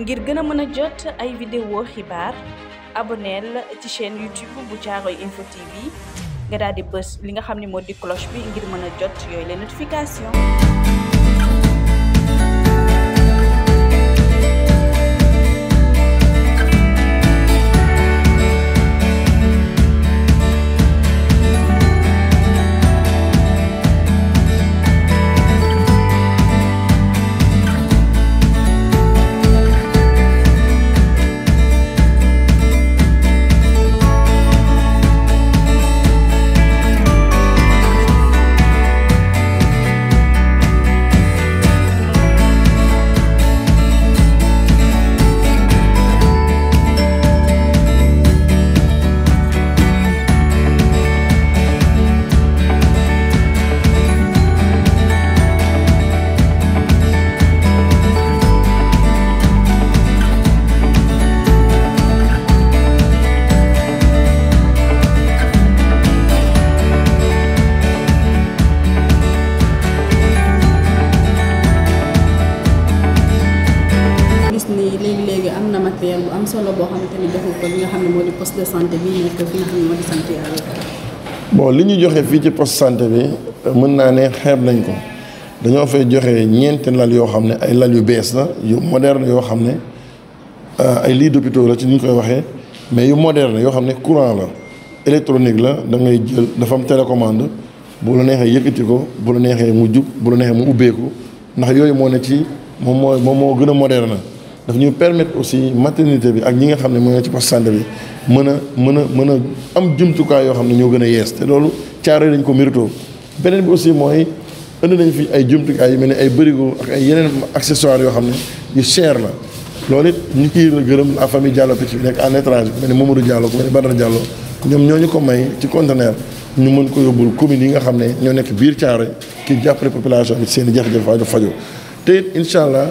ngir gën a mën a jot ay vidéo xibaar aboneel ci chaîne YouTube bu Caaroy info TV nga daal di bës li nga xam ne moo di cloche bi ngir mën a jot yooyu les notification am boo li ñu joxe fii ci poste santé bi mën naa ne xeeb nañ ko dañoo fay joxe ñeenti lal yoo xam ne ay lal yu bees la yu moderne yoo xam ne euh, ay lits d'hôpitaux la ci ni ñu koy waxee mais yu moderne yoo xam ne courant la électronique la da ngay jël dafa am télécommande bu la neexee yëkkati ko bu la neexee mu jub bu la neexee mu ubbeeku ndax yooyu moo ne ci moom moo moom moo gën a moderne. daf ñu permettre aussi maternité bi ak ñi nga xam ne mooy ci poste santé bi mën a mën a mën a am jumtukaay yoo xam ne ñoo gën a yees te loolu caare dañ ko mérito beneen bi aussi mooy indi nañ fi ay jumtukaay yu mel ne ay bërigo ak ay yeneen accessoires yoo xam ne yu cher la loolu it ñu kii la gërëm la famille Diallo Picc bi nekk en étranger ku mel ne Mamadou Diallo ku mel ne Badara Diallo ñoom ñoo ñu ko may ci conteneur ñu mën ko yóbbul communes yi nga xam ne ñoo nekk biir caare ki jàppale population seen i jafe-jafe faju te incha allah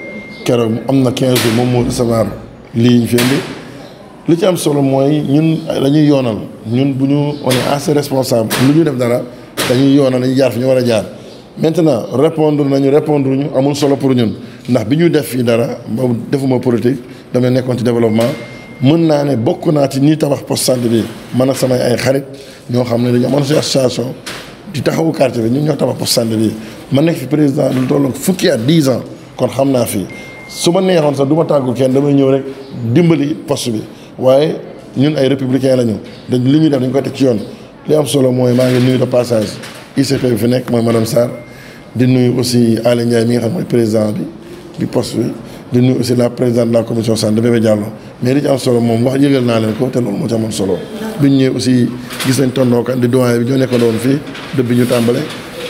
keroog am na 15 jours moom moo recevoir lii ñu fi indi li ci am solo mooy ñun lañuy yoonal ñun bu ñu on est assez responsable lu ñu def dara dañuy yoonal dañuy jaar fi ñu war a jaar maintenant répondre nañu répondre ñu amul solo pour ñun ndax bi ñu def fii dara boobu defuma politique damay nekkoon ci développement mën naa ne bokk naa ci ñi tabax poste santé bi man ak samay ay xarit ñoo xam ne dañu amoon si association di taxawu quartier bi ñun ñoo tabax poste santé bi ma nekk fi président lu tolloog fukki at 10 ans kon xam naa fii su ma neexoon sax du ma tàggu kenn damay ñëw rek dimbali post bi waaye ñun ay républicain la ñu dañ li ñuy def dañ koy teg ci yoon li am solo mooy maa ngi nuyu de passage ICP fi nekk mooy madame Sarr di nuyu aussi Aly mi nga xam président bi bi poste bi di nuyu aussi la présidente de la commission moom wax yëgal naa leen ko te loolu moo ci amoon solo. bi ñu ñëwee aussi gis nañ tonton di doyen bi ñoo nekkoon woon fii dëpp bi ñu tàmbale.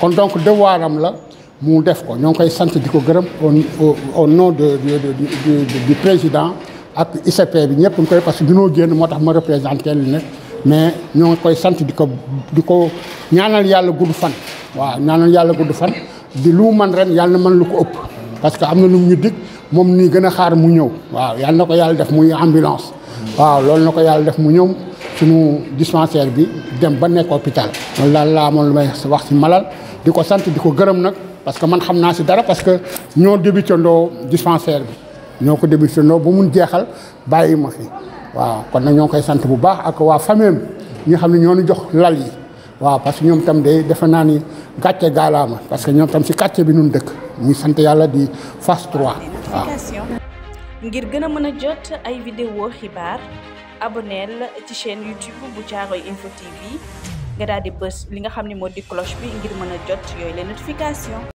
kon donc devoir am la mu def ko ñoo ngi koy sant di ko gërëm au au nom de du président ak ICP bi ñëpp ñu koy parce que dunoo génn moo tax ma représenté li ne mais ñoo ngi koy sant di ko di ko ñaanal yàlla gudd fan waaw ñaanal yàlla gudd fan di lu man ren yàlla man mën lu ko ëpp parce que am na lu ñu dig moom nii gën a xaar mu ñëw waaw yàlla na ko yàlla def muy ambulance waaw loolu na ko yàlla def mu ñëw suñu dispensaire bi dem ba nekk hôpital loolu daal laa amoon lu may wax si Malal di ko sant di ko gërëm nag parce que man xam naa si dara parce que ñoo débutandoo dispensaire bi ñoo ko débutandoo ba mun jeexal bàyyi ma fi waaw kon nag ñoo ngi koy sant bu baax ak waa famille ñi xam ne ñoo ñu jox lal yi waaw parce que ñoom tam day defe naa ni gàcce gaalaama parce que ñoom tam si quartier bi nun dëkk ñu sant yàlla di phase 3 ngir gën a mën a jot ay vidéo xibaar. aboneel ci chaîne YouTube bu Caaroy info TV nga daal di bës li nga xam ne moo di cloche bi ngir mën a jot yooyu les notification